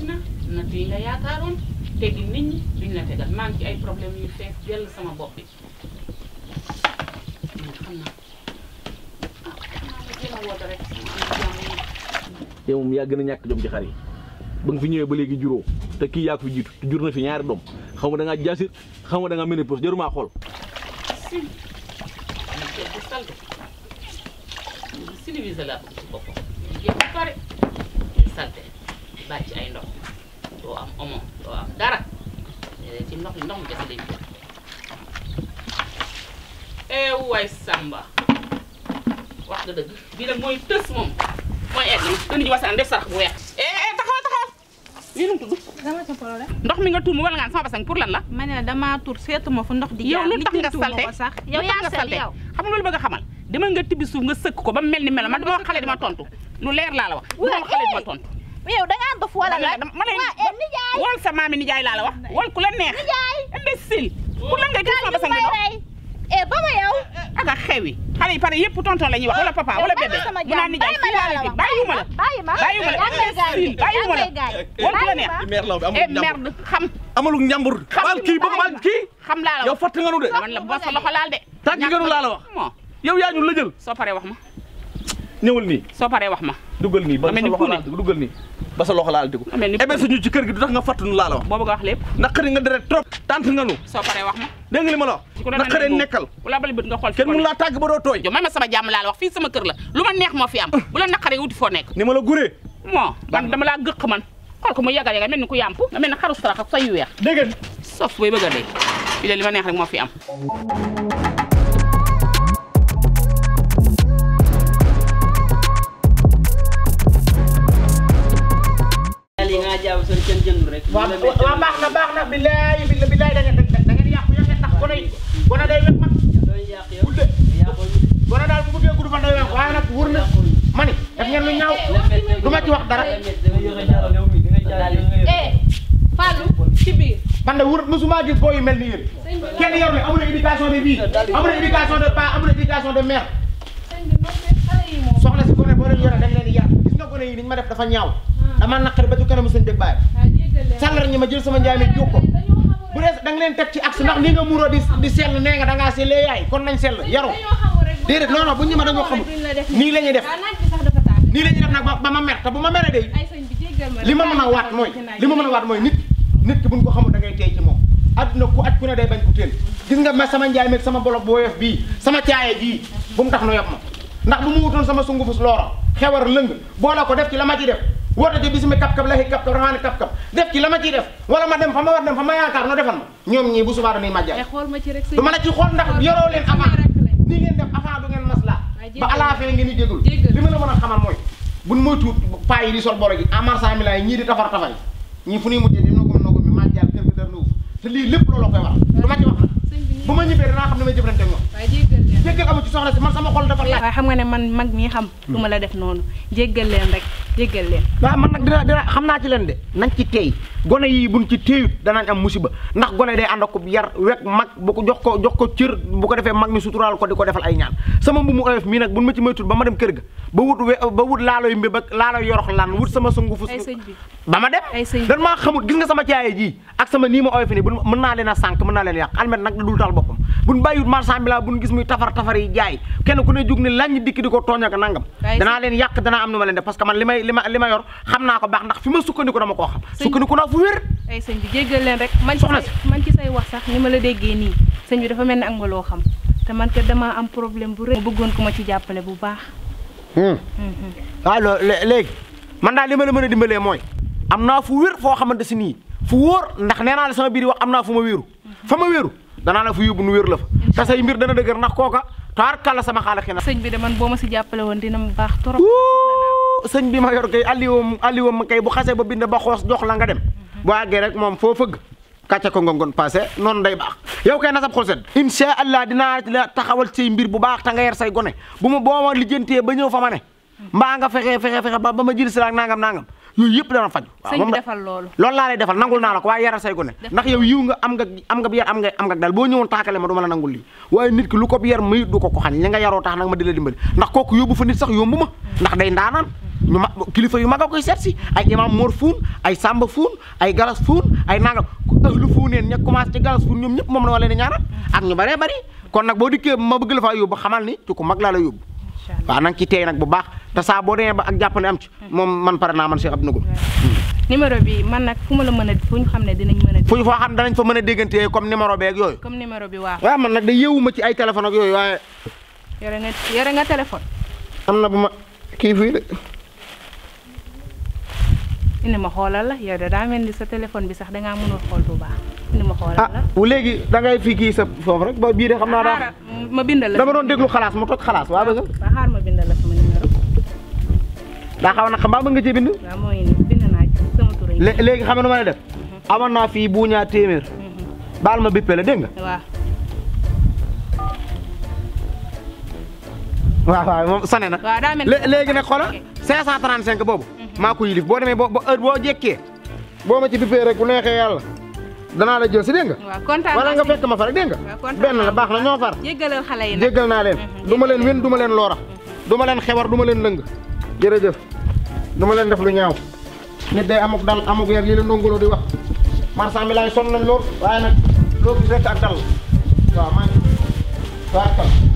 na nag nga yaakaaroon te di nit ñi liñ la tegal maa ngi ci ay problème yu fees dell sama bopp bi xam naa yow moom yaa ñàkk jom ci xar yi ba nga fi ñëwee ba léegi juróo te kii yaa ko fi jiitu te jur na fi ñaari doom xam nga da ngaa jaasir xam nga da ngaa ménopause jaruma xool. si civilisé laa ci boppam. pare di bàcc ay ndox doo am omo doo am dara ci ndox ndox eh waay Samba wax nga dëgg bii nag mooy tës moom mooy egg na gën def bu eh taxaw eh, taxaw lii nu mu dama ca problème. ndox mi nga wala sama basang pour lan la. ma la damaa tuur seetu fu ndox di. jaar yow nga salte yow yaa salte yow xam nga lu bëgg xamal. nga nga ko ba mel ni mel man dama wax dama tontu lu leer laa la wax. dama dama eh. tontu. yow da nga am dof wala la ma lay eh, wol sa maami nijaay la wax wol ku la neex nijaay imbécile ku la ngay gis ma basan bi e baba yow eh, eh, aga xewi xale yi pare la ñuy wax wala papa wala bébé mu naan la bàyyiwuma la bàyyiwuma la bàyyiwuma la wol ku la e merde xam amalu njambur baal kii ba baal kii xam laa la yow fatt nga nu de man la boo sa loxo laal de tànk nga nu laa wax yow yaa ñu la soo paree wax ma dugal nii soo paree wax ma dugal nii ba sa loxo laal dugal nii ba sa loxo laal di ko. ebe eh, suñu ci kër gi du tax nga fàttali laa la wax. boobu nga wax lépp. naqari nga deret trop. tant nga nu. soo paree wax ma. dégg nga naqari nekkal. ku la bali bët nga xool kenn mënu laa tàgg ba doo tooy. may ma sama jàmm laa wax fii sama kër la lu ma neex moo fi am ah. bu la naqaree wuti foo nekk. ni ma la guree. bon man dama laa gëq man xool ko mu yagal yagal mel ni ku yàmp nga mel ni xaru sarax ak say weex. dégg nga. booy bëgg a dee li ma neex rek moo fi waaw waaw baax na baax na billaay billaay da ngeen da ngeen yàqu yàqu ndax gone yi gone day wekk mag gudde gone daal bu bëggee gudd fan day wekk waaye nag wóor na ma ni def ngeen lu ñaaw du ma ci wax dara eh, Fallou ci biir man de wóor mosuma gis boo yu mel ni yéen kenn yor na amul éducation de vie amul éducation de pa amul éducation de mère soxna si gone boo leen yore da nga leen di yar gis nga gone yi niñ ma def dafa ñaaw ah. dama naqari ba ci kanamu sëñ bi bàyyi sangar ñima jël sama njaay mi jóg ko bu dee da nga len tek ci axe ndax li nga muro di di sel ne nga da ngaa sellee yaay kon nañ sel yaro dedet non non bu ñima ma dañoo xamul nii def ni def nak ba ma mer ta bu ma mere de li ma waat li ma nit nit ki buñ ko xamul da ngay tey ci mom aduna ku aj ku ne day bañ ku gis nga ma sama njaay meeg sama bolog bo yef bi sama caaye jii bu mu tax no yopp ma ndax bu mu wutul sama fus loora xewar bo la ko def ci lama ci def woote ci bisimi kap-kap laxi kap-kap raxaani kap def ci la ma ciy def wala ma dem fa ma war dem fa ma yaakaar no defal ma ñoom ñii bu subaa damay màjjaay eh, du ma la ci xool ndax ngeen def avant ba alaafee ngeen di jégul li ma la a xamal mooy buñ moytu paa sol boro ji amarsa mi laay ñii di tafar tafari ñii fu ñuy mujjee di nogum nogum mi màjjaay kër gi dara nuuf te lii lépp looloo koy ma ci wax nag bu ma ñibbee dinaa xam ne may jëflante ñoom jéggal soxla si man sama xol dafa laaj waaye xam nga ne man mag mii xam du ma la def noonu jéggal leen rek déggal leen waaw nah, man nag dina dina xam naa ci leen de nañ ci teey gone yi buñ ci teeyut danañ am musiba ndax gone day ànd ak yar wek mag bu ko jox ko jox ko cër bu ko defee mag mi suturaal ko di defal ay ñaan sama mbu mu oyof mii nag buñ ma ci moytul ba ma dem kër ga ba wut ba wut laaloy mbi ba laaloy yorox lan wut sama sungu fu ba ma dem dan maa xamut gis nga sama caaye ji ak sama nii ma oyof ni bu mën naa leen a sànq mën naa leen yàq almet nag dul taal boppam buñ bàyyiwut marchand bi buñ gis muy tafar tafar yi jaay kenn ku ne jóg ne lañ dikk di ko tooñ ak nangam danaa leen yàq danaa am nu leen def parce que man li Lima lima ma li ma yor xam naa ko baax ndax fi ma sukkandiku dama koo xam sukkandiku naa fu wér ay sëñ bi jéggal leen rek man soxna si man ci say wax sax ni la déggee nii sëñ bi dafa mel ak nga loo xam te man kat damaa am problème bu rëy bëggoon kuma ma ci jàppale bu baax waaw hmm. mm-hmm. loolu léegi man daal li ma la mën a dimbalee mooy am naa fu wér foo xamante si nii fu wóor ndax nee la sama biir wax am naa fu ma wéeru mm-hmm. fa ma wéeru danaa la fu yóbbu nu wér la fa te say mbir dana dëgër ndax kooka taar kala sama xaala xina sëñ bi de man boo ma si jàppale woon dina ma baax sëñ bi ma yor kay alliwam alliwam ma kay bu xasse ba bind ba xoss dox la nga dem bo àggee rek mom fo feug katcha ko passé non day bax yow kay nasab xosset insha allah dina la taxawal ci mbir bu bax ta nga yar say goné bu mu bo ma lijeenté ba ñew fa mané nga fexé fexé fexé ba ba ma jël nangam nangam yooyu yep dana faj sëñ bi defal lool lool la lay defal nangul na la ko way yaral say gone ndax yow yiw nga am nga am nga yar am nga am nga dal bo ñewon taakale ma duma la nangul li way nit ki lu ko yar muy du ko ko xañ nga yaro tax nak ma dila ndax koku yobu fa nit sax yombuma day ndanan ñu ma kilifa yu mag a koy seet si ay imam Mor Fuun ay Samba Fuun ay Galas Fuun ay nangam ku ëxlu Fuuneen ña commencé ci Galas Fuun ñoom ñëpp moom la ma leen ñaanal ak ñu bëree bëri kon nag boo dikkee ma bëgg la faa yóbbu xamal la yóbbu waaw nanga ci teey nag bu baax te saa boo demee ak jàppale am ci moom man pare naa man Cheikh Abdou bi man nag fu ma mën xam ne dinañ mën a fu ñu foo fa a déggante comme numéro bi ak yooyu comme numéro bi waaw waaw man nag da yéewuma ci ay yooyu waaye yore nga yore nga am na bu ma kii fii de indi ma xoolal la yow ya de daa mel ni sa téléphone bi sax da ngaa mënul xool bu baax indi ma xoolal la ah léegi da ngay fi kii sa foofu rek ba bii de xam naa daa ma bindal la dama doon déglu xalaas mu toj xalaas waa bëgg ba xaar ma bindal la sama numéro daa xaw na xam Wah. Wah, nga cee bind waaw moo ngi nii bind naa ci sama tur léegi xam nga nu def amoon wah wah bu ñaa ma bippe la dégg nga waaw 535 mako yilif bo demé bo heure bo jekkee bo ma ci bipee rek bu neexee yàlla danaa la jël ci dégg wala nga fekk ma fa rek dégg nga. benn la baax na ñoo far. jéggalal xalé yi jéggal na len duma len wén duma len lora duma len du duma len leung du ma duma len def lu ñaaw nit day amuk dal amuk yar yi la nongolo di wax marchand mi lay son nañ lool waye nak lo gis rek ak dal wa maa ngi waaw